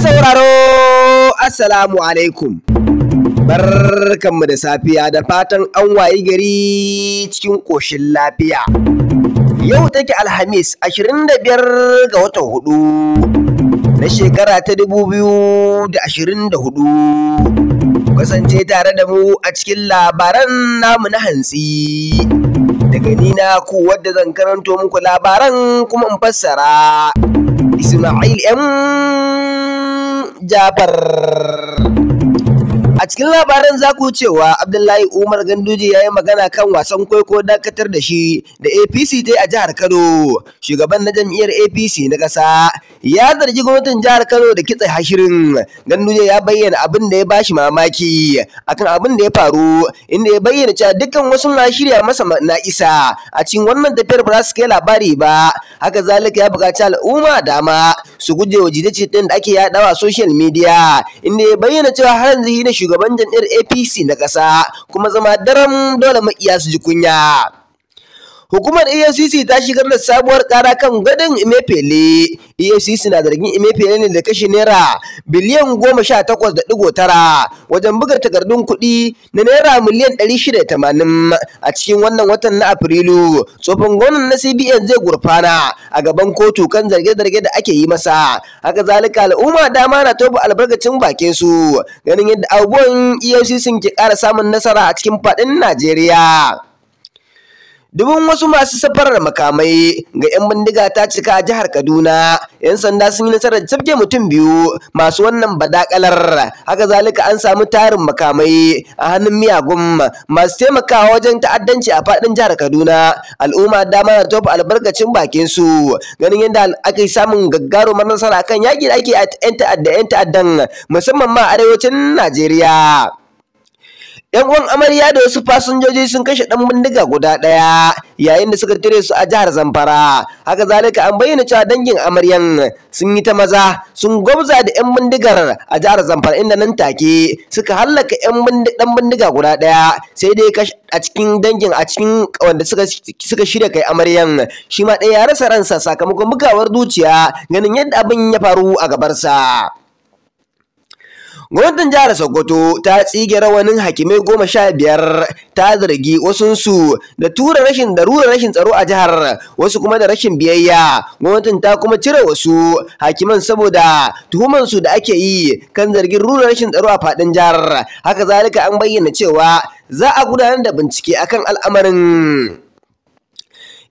sauraro assalamu alaikum barkanmu da safiya da fatan an wayi gari cikin ƙoshin lafiya yau take alhamis 25 ga watan hudu na shekara ta 2024 kasance tare da mu a cikin labaran namu na hantsi daga ni ku wadda zan karanto muku labaran kuma in fassara Ismail M Jabar A cikin labaran za ku cewa Abdullahi Umar Ganduje ya yi magana kan wasan kwaikwayo dakatar da shi da APC ta yi a jihar Kano. Shugaban na jam'iyyar APC na kasa ya zargi gwamnatin jihar Kano da kitse hashirin. Ganduje ya bayyana abin da ya bashi mamaki akan abin da ya faru inda ya bayyana cewa dukkan wasu na shirya masa na isa a cikin wannan tafiyar ba za su kai labari ba. Haka zalika ya buƙaci al'umma dama su guje wa jita-jitan da ake yaɗawa social media inda ya bayyana cewa har yanzu na shugaban shugaban jam'iyyar APC na ƙasa kuma zama daren dole maƙiya su ji kunya. Hukumar EFCC ta shigar da sabuwar kara kan gadon Imefele. EFCC na zargin Imefele ne da kashi naira biliyan goma sha takwas da digo tara wajen buga takardun kuɗi na naira miliyan ɗari shida da tamanin a cikin wannan watan na Afrilu. Tsofin gwamnan na CBN zai gurfana a gaban kotu kan zarge-zarge da ake yi masa. Haka zalika al'umma dama na tofa albarkacin bakin su ganin yadda abubuwan EFCC ke ƙara samun nasara a cikin faɗin Najeriya. Dubin wasu masu safarar makamai ga 'yan bindiga ta cika a jihar Kaduna. 'Yan sanda sun yi nasarar cafke mutum biyu masu wannan badakalar. Haka zalika an samu tarin makamai a hannun miyagun masu taimakawa wajen ta'addanci a faɗin jihar Kaduna. Al'umma dama na tofa albarkacin bakin su. Ganin yadda ake samun gaggarumar nasara kan yaƙi da ake 'yan ta'adda 'yan ta'addan musamman ma a arewacin Najeriya. 'Yan uwan amarya da wasu fasinjoji sun kashe ɗan bindiga guda daya yayin da suka tire su a jihar Zamfara. Haka zalika an bayyana cewa dangin amaryan sun yi ta maza sun gwabza da 'yan bindigar a jihar Zamfara inda nan take suka hallaka 'yan ɗan bindiga guda ɗaya sai dai a cikin dangin a cikin wanda suka suka shirya kai amaryan shi ma ɗaya ya rasa ransa sakamakon bugawar zuciya ganin yadda abin ya faru a gabar sa. Gwamnatin jihar Sokoto ta tsige rawanin hakimai goma sha biyar ta zargi wasunsu da tura rashin da rura rashin tsaro a jihar wasu kuma da rashin biyayya. Gwamnatin ta kuma cire wasu hakiman saboda tuhumansu da ake yi kan zargin rura rashin tsaro a fadin jihar. Haka zalika an bayyana cewa za a gudanar da bincike akan al'amarin.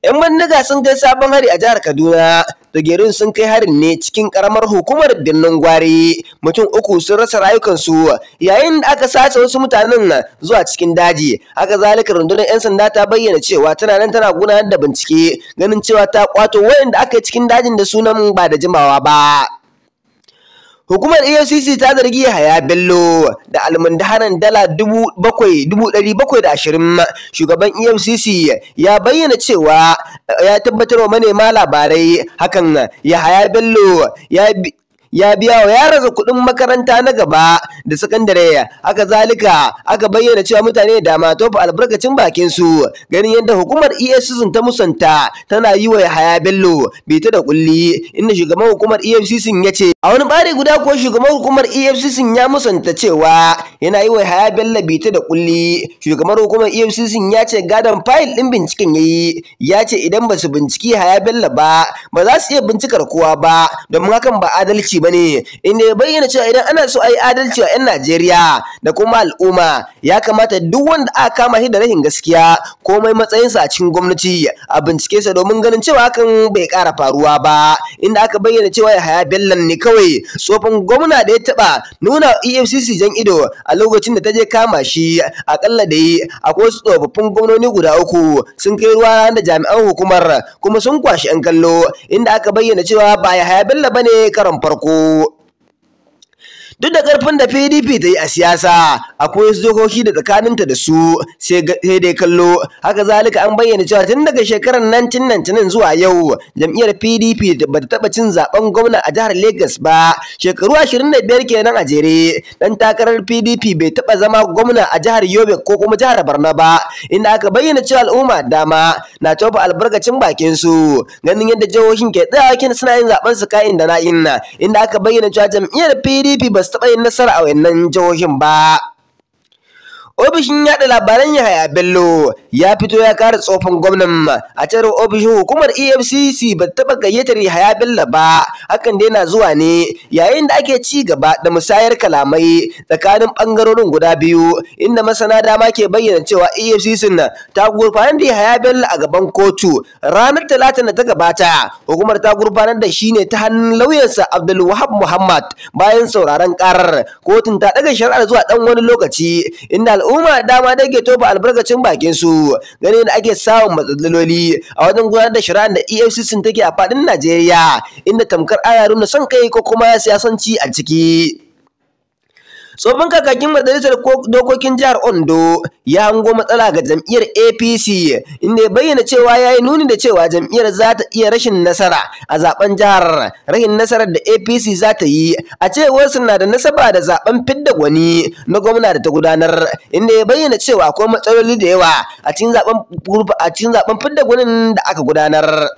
'Yan bandiga sun kai sabon hari a jihar Kaduna. gerun sun kai harin ne cikin karamar hukumar birnin Gwari. Mutum uku sun rasa rayukansu yayin da aka sace wasu mutanen zuwa cikin daji. Haka zalika rundunar 'yan sanda ta bayyana cewa tana nan tana gudanar da bincike ganin cewa ta kwato da aka yi cikin dajin da sunan ba da jimawa ba. Hukumar EFCC ta zargi Yahaya Bello da almundaharan dala da ashirin. Shugaban EFCC ya bayyana cewa ya tabbatar wa manema labarai hakan Yahaya Bello ya biya wa za kuɗin makaranta na gaba da sakandare aka zalika aka bayyana cewa mutane da ma tofa albarkacin bakin su ganin yadda hukumar EFCC ta musanta tana yi wa Yahaya Bello ta da kulli inda shugaban hukumar EFCC ya ce a wani bare guda ko shugaban hukumar EFCC ya musanta cewa yana yi wa Yahaya Bello ta da kulli shugaban hukumar EFCC ya ce gadon fayil din binciken yayi ya ce idan ba su binciki haya Bello ba ba za su iya bincikar kowa ba domin hakan ba adalci ba ne inda ya bayyana cewa idan ana so a yi adalci a 'yan Najeriya da kuma al'umma ya kamata duk wanda aka kama shi da rashin gaskiya komai matsayinsa a cikin gwamnati a bincike sa domin ganin cewa hakan bai kara faruwa ba inda aka bayyana cewa Yahaya Bello ne kawai tsofin gwamna da ya taba nuna EFCC jan ido a lokacin da ta je kama shi akalla da yi akwai wasu tsofaffin gwamnoni guda uku sun kai ruwa da jami'an hukumar kuma sun kwashi 'yan kallo inda aka bayyana cewa ba Yahaya Bello ne karon farko o, duk da karfin da PDP ta yi a siyasa akwai zokoki da tsakaninta da su sai dai kallo haka zalika an bayyana cewa tun daga shekarar 1999 zuwa yau jam'iyyar PDP ba ta taɓa cin zaben gwamna a jihar Lagos ba shekaru ashirin da biyar kenan a jere dan takarar PDP bai taɓa zama gwamna a jihar Yobe ko kuma jihar Borno ba inda aka bayyana cewa al'umma dama na tofa albarkacin bakin su ganin yadda jihohin ke tsayawa suna yin zaben su ka'in da inna inda aka bayyana cewa jam'iyyar PDP ba taɓa yin nasara a wayannan jihohin ba ofishin yaɗa labaran Yahaya Bello ya fito ya ƙara tsofin gwamnan a cewar ofishin hukumar EFCC ba ta taɓa gayyatar Yahaya Bello ba hakan dai na zuwa ne yayin da ake ci gaba da musayar kalamai tsakanin ɓangarorin guda biyu inda masana dama ke bayyana cewa EFCC ta gurfanar da Yahaya Bello a gaban kotu ranar talata da ta gabata hukumar ta gurfanar da shi ne ta hannun lauyansa Abdul Wahab Muhammad bayan sauraron karar kotun ta ɗaga shari'ar zuwa ɗan wani lokaci inda al'umma al'umma dama ke tofa albarkacin bakin su gani da ake samun matsaloli a wajen gudanar da shari'ar da EFCC take a fadin Najeriya inda tamkar ayarun nuna son kai ko kuma siyasanci a ciki. Tsofin kakakin majalisar dokokin jihar Ondo ya hango matsala ga jam'iyyar APC inda ya bayyana cewa ya yi nuni da cewa jam'iyyar za ta iya rashin nasara a zaben jihar. Rashin nasarar da APC za ta yi a cewar suna da nasaba da zaben fidda gwani na gwamna da ta gudanar inda ya bayyana cewa akwai matsaloli da yawa a cikin zaben fidda gwanin da aka gudanar.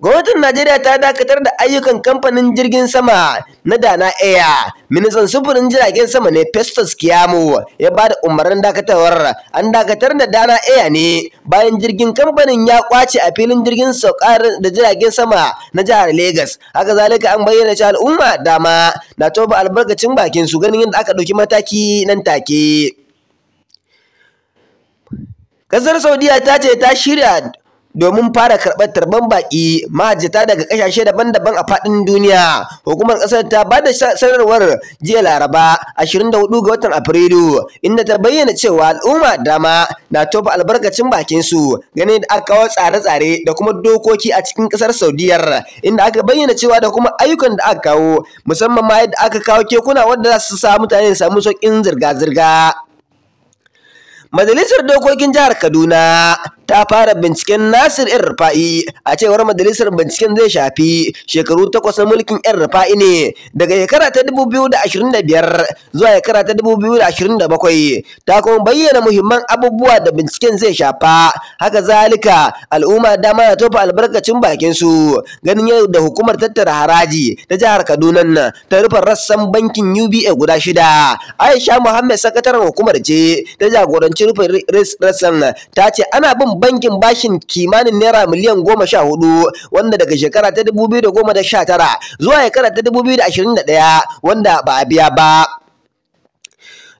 Gwamnatin Najeriya ta dakatar da ayyukan kamfanin jirgin sama na Dana Air. Ministan sufurin jiragen sama ne Festus Kiyamo ya ba da umarnin dakatawar. An dakatar da Dana Air ne bayan jirgin kamfanin ya kwace a filin jirgin saukar da jiragen sama na jihar Legas. Haka zalika an bayyana cewa al'umma dama na toba albarkacin bakin su ganin yadda aka ɗauki mataki nan take. Kasar Saudiya ta ce ta shirya domin fara karɓar tarban baƙi mahajjata daga ƙasashe daban-daban a faɗin duniya hukumar ƙasar ta ba da sanarwar jiya laraba 24 ga watan afrilu inda ta bayyana cewa al'umma dama na tofa albarkacin bakin su ganin da aka kawo tsare-tsare da kuma dokoki a cikin ƙasar saudiyar inda aka bayyana cewa da kuma ayyukan da aka kawo musamman ma yadda aka kawo kekuna wanda za su sa mutane su samu sauƙin zirga-zirga Majalisar Dokokin Jihar Kaduna ta fara binciken Nasir ‘yan Rufa'i a cewar majalisar binciken zai shafi shekaru takwas na mulkin ‘yan Rufa'i ne daga shekara ta dubu biyu da da ashirin biyar, zuwa shekara ta dubu biyu da da ashirin bakwai, ta kuma bayyana muhimman abubuwa da binciken zai shafa haka zalika al'umma dama na tofa albarkacin bakin su ganin yau da hukumar tattara haraji ta jihar Kaduna ta rufe rassan bankin UBA guda shida Aisha Muhammad sakataren hukumar ce ta jagoranci rufe rassan ta ce ana bin bankin bashin kimanin naira miliyan goma sha hudu wanda daga shekara ta dubu biyu da goma da sha tara zuwa shekara ta dubu biyu da ashirin da ɗaya wanda ba a biya ba.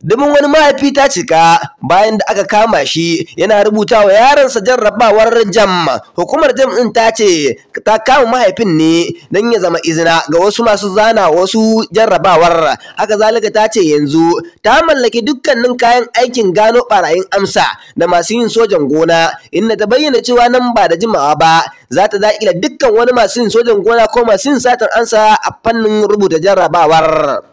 domin wani mahaifi ta cika bayan da aka kama shi yana rubuta wa yaransa jarrabawar jam. Hukumar jam ɗin ta ce ta kama mahaifin ne don ya zama izina ga wasu masu zana wasu jarrabawar. Haka zalika ta ce yanzu ta mallaki dukkanin kayan aikin gano ɓarayin amsa da masu yin sojan gona inda ta bayyana cewa nan ba da jimawa ba za ta da dukkan wani masu yin sojan gona ko masu yin satar amsa, a fannin rubuta jarrabawar.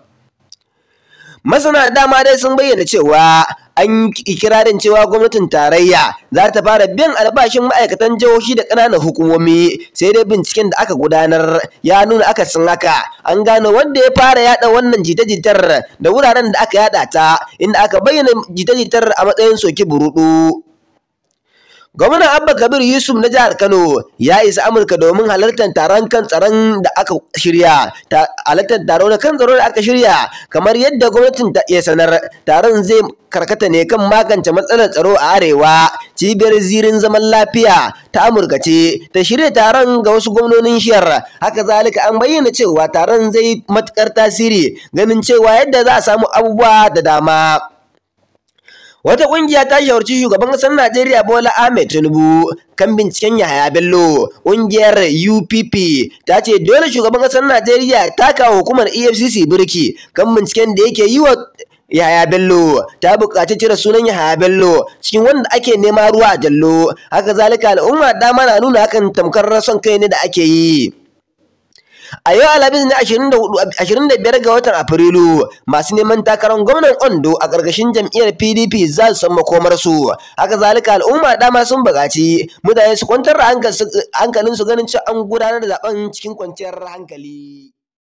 Masana dama dai sun bayyana cewa an ikirarin cewa gwamnatin tarayya za ta fara biyan albashin ma'aikatan jihohi da ƙananan hukumomi sai dai binciken da aka gudanar ya nuna aka akasin haka an gano wanda ya fara yada wannan jita-jitar da wuraren da aka yada ta inda aka bayyana jita-jitar a matsayin soki burudu Gwamnan Abba Kabir Yusuf na jihar Kano ya isa Amurka domin halartar taron kan tsaron da aka shirya, halartar taro na kan tsaro da aka shirya, kamar yadda gwamnatin ta iya sanar, taron zai karkata ne kan magance matsalar tsaro a arewa. Cibiyar zirin zaman lafiya ta Amurka ce ta shirya taron ga wasu gwamnonin shiyar. Haka zalika an bayyana cewa taron zai matukar tasiri ganin cewa yadda za a samu abubuwa da dama. Wata ƙungiya ta shawarci shugaban ƙasar Najeriya Bola Ahmed Tinubu kan binciken Yahaya Bello. Ƙungiyar UPP ta ce dole shugaban ƙasar Najeriya ta kawo hukumar EFCC birki kan binciken da yake yi wa Yahaya Bello ta buƙaci cire sunan Yahaya Bello cikin wanda ake nema ruwa a jallo. Haka zalika al'umma dama na nuna hakan tamkar rason kai ne da ake yi. a yau alhamis ne 25 ga watan afrilu masu neman takarar gwamnan ondo a ƙarƙashin jam'iyyar pdp za su san makomarsu haka zalika al'umma dama sun buƙaci mutane su kwantar da hankalinsu ganin cewa an gudanar da zaben cikin kwanciyar hankali